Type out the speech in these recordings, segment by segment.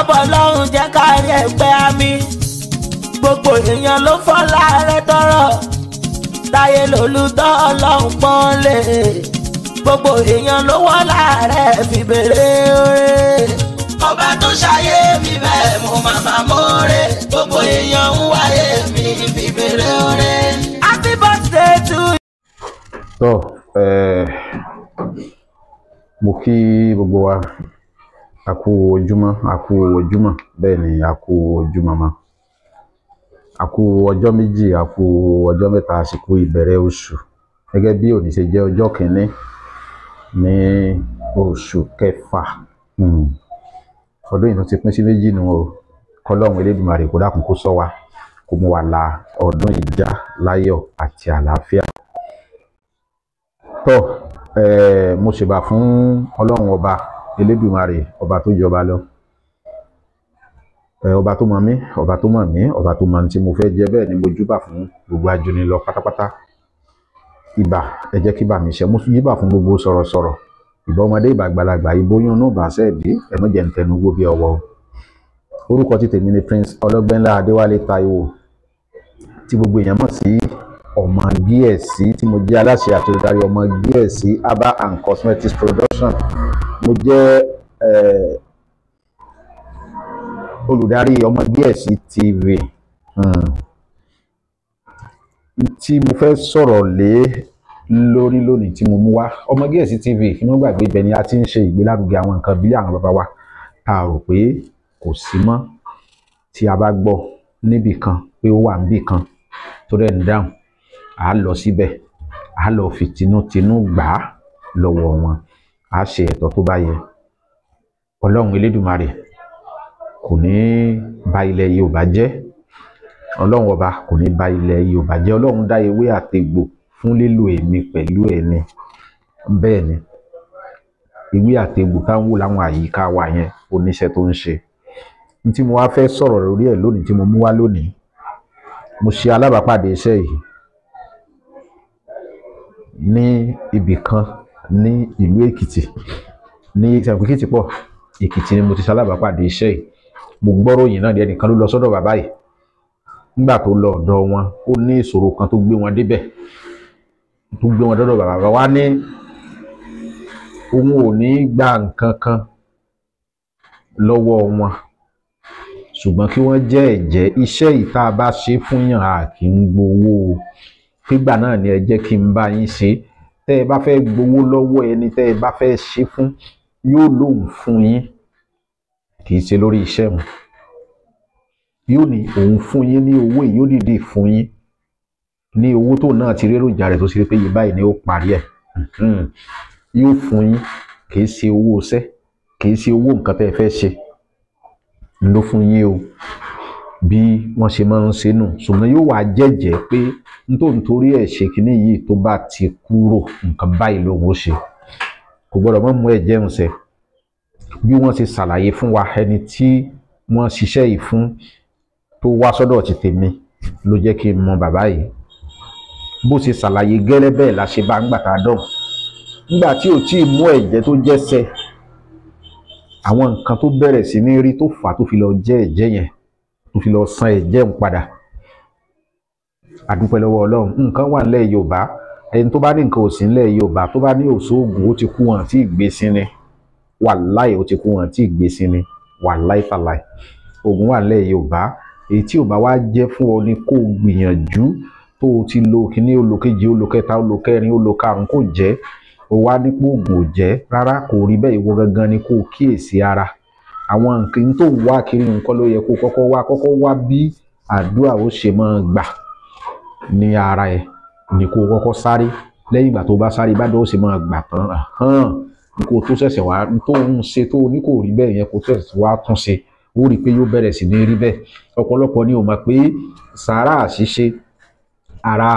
ọbọ̀ lọ́hùn jẹ́ kárí ẹgbẹ́ àmì gbogbo èèyàn ló fọ́lá rẹ tọrọ táyé lólùtọ́ ọlọ́hùn pọ́n gbogbo èèyàn ló wọ́lá rẹ fi bèrè oore. ọba tó ṣayé mi bẹ́ẹ̀ mo máa bá mọ́ọ́rẹ́ gbogbo èèyàn ń wáyé mi fi bèrè oore. happy birthday to you. tó eh, mo kí gbogbo wa. Aku kú aku a kú ojúmọ́ bẹ́ẹ̀ ni aku kú ojúmọ́ mọ́ a kú ọjọ́ méjì a kú ọjọ́ mẹ́ta a sì kú ìbẹ̀rẹ̀ oṣù gẹ́gẹ́ bí òní ṣe jẹ́ ọjọ́ kìíní ní oṣù kẹfà hmm. ọdún yìí tó ti pín sí méjì nù o kọlọ́run elédùnmarè kó dákun kó ṣọ́ wa kó mú wa la ọdún yìí láyọ̀ àti àlàáfíà tó mo ṣèbà fún ọlọ́run ọba elédùnmarè ọba tó jọba lọ ọba tó mọ mí ọba tó mọ mí ọba tó mọ ní tí mo fẹ́ jẹ́ bẹ́ẹ̀ ni mo júbà fún gbogbo ajoni lọ pátápátá ìbà ẹ jẹ́ kí bà mí ṣe mo júbà fún gbogbo sọ̀rọ̀sọ̀rọ̀ ìbà ọmọdé ìbà àgbàlagbà ìbóyún náà bá ṣe dé ẹnu jẹ ntẹnu wó bí ọwọ́ orúkọ ti tèmi ni Prince Ọlọ́gbẹ́nlá Adéwálé Táíwò tí gbogbo èèyàn mọ̀ sí ọmọ gsc tí mo jẹ́ aláṣẹ àti olùdarí ọmọ gsc herbal and cosmetics production mo jẹ́ olùdarí ọmọ gsc tv hmm. tí mo fẹ́ sọ̀rọ̀ lé lórí lónìí tí mo mú wá ọmọ gsc tv inú gbàgbé ibẹ̀ ni a ti ń ṣe ìgbélárugẹ àwọn nǹkan bí àwọn bàbá wa tá a rò pé kò sí mọ́ tí a bá gbọ́ níbì kan pé ó wà níbì kan tó dẹ̀ ń dáhùn a lọ síbẹ̀ a lọ fi tinútinú gbà á lọ́wọ́ wọn a ṣe ẹ̀tọ́ tó bá yẹ ọlọ́run elédùmarè kò ní ba ilẹ̀ yorùbá jẹ́ ọlọ́run ọba kò ní ba ilẹ̀ yorùbá jẹ́ ọlọ́run dá ewé àtegbò fún lílo èmi pẹ̀lú ẹni bẹ́ẹ̀ ni ewé àtegbò tá ń wò láwọn àyíká wa yẹn oníṣẹ́ tó ń ṣe ní tí mo wá fẹ́ sọ̀rọ̀ lórí ẹ̀ lónìí tí mo mú wá lónìí mo ṣe alábàápàdé iṣẹ́ yìí ní ibì kan ní ìlú èkìtì ní èkìtì pọ̀ èkìtì ni mo ti ṣalábàápàdé iṣẹ́ yìí mo gbọ́rọ̀ yìí náà ẹnìkan ló lọ sọ́dọ̀ bàbá yìí nígbà tó lọ ọ̀dọ̀ wọn ó ní ìṣòro kan tó gbé wọn débẹ̀ tó gbé wọn dọ́dọ̀ bàbá wa ní òun ò ní gba nǹkan kan lọ́wọ́ wọn ṣùgbọ́n kí wọ́n jẹ́ ẹ̀jẹ́ iṣẹ́ yìí tá a bá ṣe fún yàn a kì í gbowó o fígbà náà ni ẹ jẹ́ kí n bá yín ṣe tẹ́ ẹ bá fẹ́ gbowó lọ́wọ́ ẹni tẹ́ ẹ bá fẹ́ ṣe fún yóò lóun fún yín kì í ṣe lórí iṣẹ́ mu yóò ní òun fún yín ní owó yìí yóò dìde fún yín ní owó tó náà ti réròjà rẹ̀ tó ṣe pé yìí báyìí ni ó parí ẹ̀ yóò fún yín kì í ṣe owó iṣẹ́ kì í ṣe owó nǹkan tẹ́ ẹ fẹ́ ṣe ló fún yín o bí wọ́n ṣe máa ń ṣe nù ṣùgbọ́n yóò wá jẹ́jẹ́ pé nítorí nítorí ẹ̀ ṣe kínní yìí tó bá ti kúrò nǹkan báyìí lòun ó ṣe kò gbọ́dọ̀ mọ́ mú ẹ̀ jẹun sẹ́ bí wọ́n ṣe ṣàlàyé fún wa ẹni tí wọ́n ṣiṣẹ́ yìí fún tó wá sọ́dọ̀ ti tèmi ló jẹ́ kí n mọ bàbá yìí bó ṣe ṣàlàyé gẹ́lẹ́ bẹ́ẹ̀ la ṣe bá ń gbàtà dọ̀hún nígbà tí ò tí ì mú ẹ̀jẹ̀ tó jẹ́sẹ̀ àwọn nǹkan tó bẹ̀rẹ̀ sí ní rí tó fà tó fi lọ jẹ́ ẹ̀jẹ̀ yẹn tó fi lọ san ẹ̀jẹ̀ ń padà àdúpẹ́ lọ́wọ́ ọlọ́run nǹkan wà nílẹ̀ yorùbá ẹni tó bá ní nǹkan òsì nílẹ̀ yorùbá tó bá ní òṣoògùn ó ti kú wọn àti ìgbésí ni wàláì ó ti kú wọn àti ìgbésí ni wàláì fàláì ògùn wà nílẹ̀ yorùbá èyí tí yorùbá wá jẹ́ fún ọ ni kó gbìyànjú tó o ti lo kíní olókejì olókẹta olókẹrin olókarùn kò jẹ́ o wá nípò ògùn ò jẹ́ rárá kò rí bẹ́ẹ̀ ìwọ gangan ni kó o kíyèsí ara àwọn nǹkan tó wá kiri nǹkan ló yẹ kó kọ́kọ́ wá kọ́kọ́ wá bí àdúrà ó ṣe máa gbà ní ara ẹ ní kó kọ́kọ́ sáré lẹ́yìn ìgbà tó bá sáré bá dọ́wọ́ sí máa gbà tán hàn ní kó tó ṣẹ̀ṣẹ̀ wá tó ń ṣe tó ní kò rí bẹ́ẹ̀ yẹn kó tó ṣẹ̀ṣẹ̀ wá tún ṣe ó rí i pé yóò bẹ̀rẹ̀ sí ní rí bẹ́ẹ̀ ọ̀pọ̀lọpọ̀ ni ò mọ̀ pé sàárà ṣíṣe ara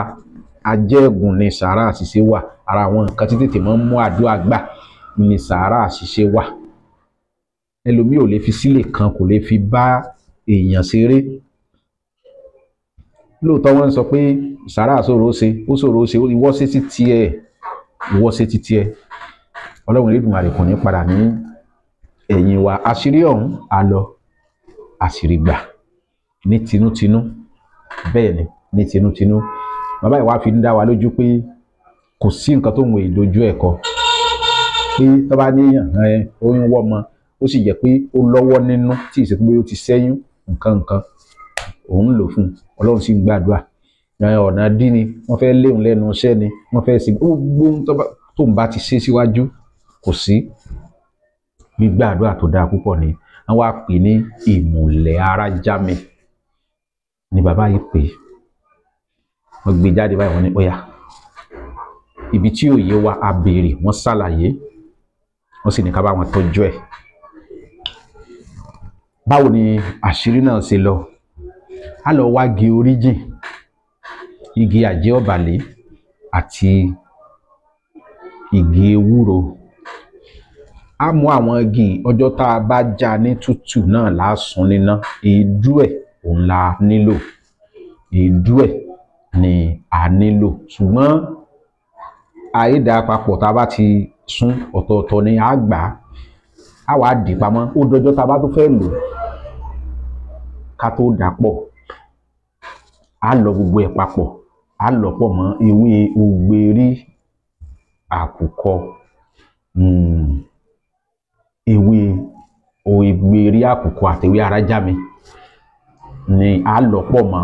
ajẹ́gùn ni sàárà ṣíṣe wà ara àwọn nǹkan tí tètè máa ń mú àdúrà gbà ni sàárà ṣíṣe wà ẹlòmíì ò lè fi sílẹ̀ kan kò lè fi bá èèyàn ṣeré lóòótọ́ wọ́n ń sọ pé sàrà ṣòro ṣe ó ṣòro ṣe ìwọ ṣe ti tiẹ̀ ìwọ ṣe ti tiẹ̀ ọlọ́run Elédùmarè kò ní padà ní ẹ̀yìn wa àṣírí ọ̀hún á lọ àṣírí gbà ní tinútinú bẹ́ẹ̀ ni ní tinútinú bàbá ìwà fi ń dá wa lójú pé kò sí nǹkan tó ń wò ìdojú ẹ̀ kọ pé tó bá ní oyún wọ́ ọmọ ó sì jẹ́ pé ó lọ́wọ́ nínú tí ìsìnkú ó ti sẹ́yún nǹkan nǹkan òun lò fún ọlọ́run sì ń gbàdúrà ọ̀nà dín ni wọ́n fẹ́ léun lẹ́nu iṣẹ́ ni wọ́n fẹ́ sí gbogbo tó ń bá ti ṣe síwájú kò sí gbígbàdúrà tó dáa púpọ̀ ni wọ́n á pè ní ìmùlẹ̀ ara já mi ni bàbá yìí pè wọ́n gbé e jáde báyìí wọ́n ní óyá ibi tí òye wa a béèrè wọ́n ṣàlàyé wọ́n sì ní ká bá wọn tọ́jú ẹ̀ báwo ni àṣírí náà ṣe lọ á lọ wá gi orí jìn igi àjẹ́ ọ̀bàlẹ́ àti igi ewúro á mú àwọn igi ọjọ́ tá a bá já ní tútù náà lásùn níná èédú ẹ̀ òun la nílò èédú ẹ̀ ni a nílò ṣùgbọ́n àìdá papọ̀ tá a bá ti sún ọ̀tọ̀ọ̀tọ̀ ni a gbà á á wàá dì pamọ́ ó dọjọ́ tá a bá tó fẹ́ lò ká tó dà pọ̀ á lọ gbogbo ẹ̀ papọ̀ á lọ pọ̀ mọ́ ewé ògbérí àkùkọ um ewé ògbérí àkùkọ àtẹwé arájámi ni á lọ pọ̀ mọ́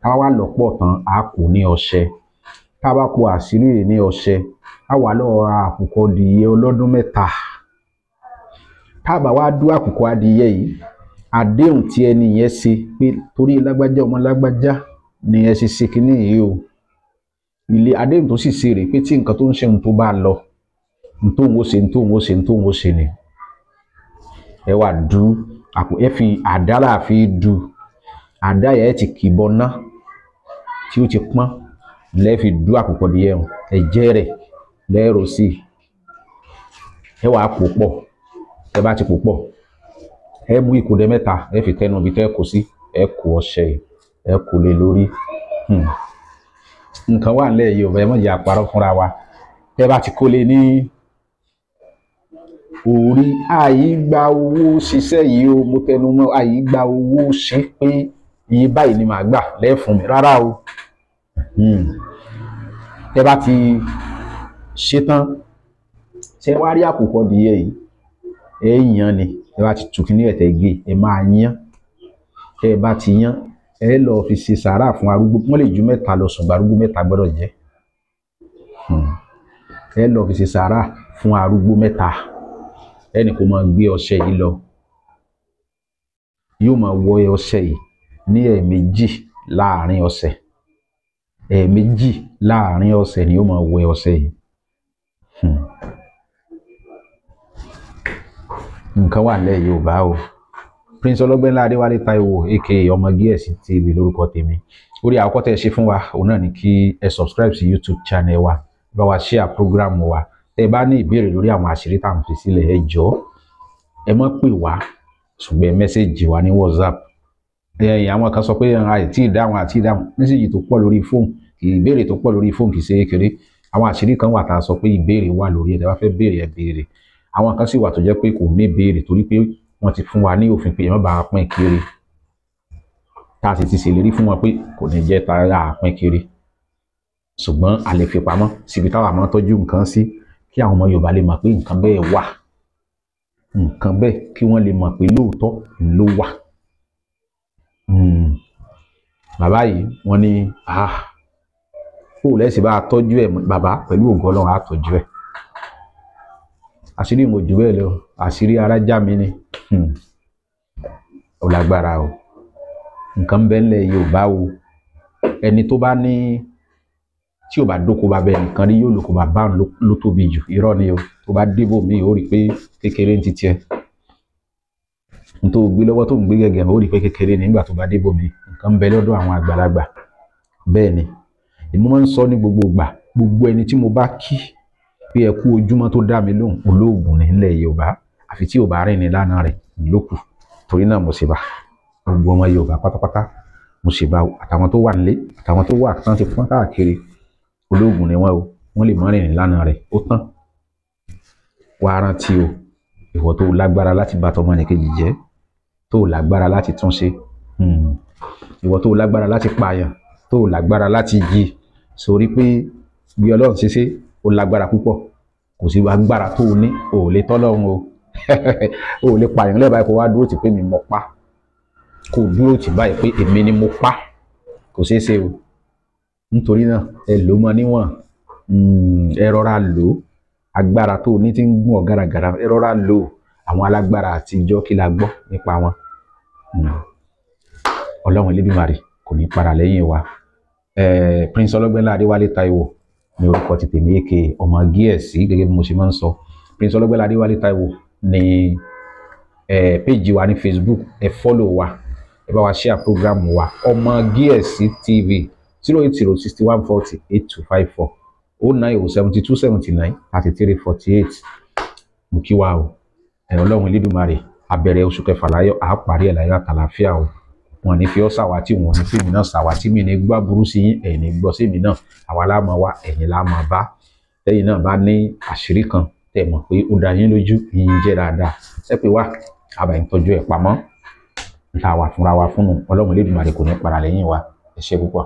tá a wá lọ pọ̀ tán á kó ní ọṣẹ tá a bá kó àṣírí rẹ̀ ní ọṣẹ á wà lọ ra àkùkọ dìye ọlọ́dún mẹ́ta tá dú àkùkọ adìyẹ yìí àdéhùn tí ẹni yẹn ṣe pé torí lágbájá ọmọ lágbájá ni ẹ ṣe ṣe kínní yìí o ilé adéhùn tó sì ṣe rèé pé tí nǹkan tó ń ṣe ń tó bá lọ ń tó ń wo ṣe ń tó ń wo ṣe ń tó ń wo ṣe ni ẹ wà dú àpò ẹ fi àdá láàfin dú àdá yẹn ti kì ná tí ó ti pọ́n lẹ́ẹ̀fi dú àpòpọ̀ díẹ̀ o ẹ̀jẹ̀ rẹ̀ lẹ́ẹ̀rọ sí i ẹ wàá pò pọ̀ ẹ bá ti pò pọ̀ ẹ mú ìkòdè mẹ́ta ẹ fi tẹnu ibi tẹ́ kó sí ẹ kó ọṣẹ yìí ẹ kò lè lórí hmm. nǹkan wà nílẹ̀ yìí ò bẹ́ẹ̀ mọ̀ yà parọ́ fúnra wa ẹ bá ti kó lè ní orí àyígbà owó ṣiṣẹ́ yìí o mo tẹnu mọ́ àyígbà owó ṣe pé iye báyìí ni màá gbà lẹ́fun mi rárá o hmm. ẹ bá ti ṣetán ṣe wá rí àkùkọ dìé yìí ẹ yàn ni ẹ bá ti tù kí ní ẹ̀tẹ̀ gé ẹ máa yán ẹ bá ti yán ẹ lọ fi ṣe sàárà fún arúgbó wọn lè ju mẹ́ta lọ ṣùgbọ́n arúgbó mẹ́ta gbọ́dọ̀ jẹ hmm. ẹ lọ fi ṣe sàárà fún arúgbó mẹ́ta ẹnì kò máa gbé ọṣẹ yìí lọ yóò máa wọ ọṣẹ yìí ní ẹ̀ẹ̀mejì láàrin ọ̀sẹ̀ ẹ̀ẹ̀mejì láàrin ọ̀sẹ̀ ni yóò máa wọ ọṣẹ yìí hmm. nǹkan wà lẹ́yìn Yorùbá o. Hmm prince ọlọ́gbẹ́nlá adéwálé táíwò aka ọmọ gíẹ̀sì e tv lórúkọ tèmi orí àkọ́kọ́ tẹ́ ẹ ṣe fún wa òun náà ni kí ẹ subscribe sí youtube channel wa bá wa share program wa tẹ́ ẹ bá ní ìbéèrè lórí àwọn àṣírí tá à ń fi sílẹ̀ ẹ jọ̀ọ́ ẹ má pè wá ṣùgbọ́n ẹ wa ní whatsapp ẹ̀yìn àwọn kan sọ pé àìtí ìdáhùn àti ìdáhùn mẹ́sẹ̀jì tó pọ̀ lórí fóònù ìbéèrè tó pọ̀ lórí fóònù kì í ṣe kékeré àwọn àṣírí kan wà tá a sọ pé ìbéèrè wà lórí ẹ̀ tẹ́ bá fẹ́ béèrè ẹ béèrè àwọn kan sì wà tó jẹ́ pé kò ní béèrè torí pé wọ́n ti fún wa ní òfin pé ẹ má bàa pín kiri tá a sì ti ṣèlérí fún wọn pé kò ní jẹ́ tá a pín kiri ṣùgbọ́n a lè fi pamọ́ síbi táwọn àmọ́ tọ́jú nǹkan sí kí àwọn ọmọ Yorùbá lè mọ̀ pé nǹkan bẹ́ẹ̀ wà nǹkan bẹ́ẹ̀ kí wọ́n lè mọ̀ pé lóòótọ́ ló wà. Hmm. bàbá yìí wọ́n ní kó o lẹ́sìn bá a tọ́jú ẹ̀ bàbá pẹ̀lú ògo Ọlọ́run á tọ́jú ẹ̀ àṣírí ìmọ̀jú bẹ́ẹ̀ lọ àṣírí ara mi ni. Hmm. ó lágbára o nǹkan bẹ́ẹ̀lẹ̀ yorùbá o ẹni tó bá ní tí ò bá dóko bá bẹ́ẹ̀ nìkan rí yóò lóko bá bá ló tóbi jù irọ́ ni o tó bá débò mí ò rí pé kékeré ń ti tiẹ̀ nítorí gbé lọ́wọ́ tó ń gbé gẹ̀gẹ̀ ó rí pé kékeré nígbà tó bá débò mí nǹkan bẹ lọ́dọ̀ àwọn àgbàlagbà bẹ́ẹ̀ ni èmi máa ń sọ ní gbogbo ìgbà gbogbo ẹni tí mo bá kí pé ẹ kú ojúmọ́ tó dá mi lóhùn olóògùn nílẹ̀ yorùbá àfi tí ò bá rìn ní lánàá rẹ̀ lókù torí náà mo sì bá gbogbo ọmọ Yorùbá pátápátá mo sì bá àtàwọn tó wà nílé àtàwọn tó wà tán ti fún káàkiri ológun ni wọn o wọn lè mọ rìn ní lánàá rẹ̀ ó tán wàá rántí o ìwọ tó lágbára láti bá tọmọ nìkejì jẹ́ tó lágbára láti tún ṣe hmm, ìwọ tó lágbára láti pààyàn tó lágbára láti yí sórí pé bí Ọlọ́run ṣe ṣe ó lágbára púpọ̀ kò sí agbára tó o ní ò lè tọ́lọ́run o. o ò lè pààyàn lẹ́ẹ̀ báyìí kó wá dúró tì pé mi mọ̀ pa kò dúró tì báyìí pé èmi ni mo pa kò ṣeé ṣe o nítorí náà ẹ lò mọ níwọ̀n hmm, ẹ rọra lò agbára tó o ní ti ń gún ọ gàràgàrà ẹ rọra lò àwọn alágbára àtijọ́ kí la gbọ́ nípa wọn hmm. ọlọ́run Elédùmarè kò ní para lẹ́yìn wa prince ọlọ́gbẹ́nlá adéwálé táíwò ní orúkọ ti tèmi èké ọmọ gíẹ̀sì gẹ́gẹ́ bí mo ṣe máa ń sọ prince ọlọ́gbẹ́nlá adéwálé táíwò ní eh, péjì wa ní facebook ẹ fọ́lò wa ẹ bá wa share program wa ọmọ gíẹ̀sì tv zero eight zero sixty one forty eight two five four o nine o seventy two seventy nine thirty three forty eight mo kí wa o ẹ̀rọ ọlọ́run elédùnmarè abẹ̀rẹ̀ oṣù kẹfà láyọ̀ à á parí ẹ̀ láyọ̀ àtàlàfíà o wọn ní fi ọ́ sàwátì wọn ní fíìmù náà sàwátì mi ní gbá burú sí yín ẹ̀yin ní gbọ́ sí mi náà àwa láàmú wa ẹ̀yin láàmú bá lẹ́yìn náà bá ní àṣírí kan tẹ́ mọ̀ pé ó dá yín lójú yín jẹ́ dáadáa ẹ pé wá àbàyí tọ́jú ẹ̀ pamọ́ làwà fúnra wa fúnnu ọlọ́run lè dùn àdìkò ní para wa ẹ ṣé púpọ̀.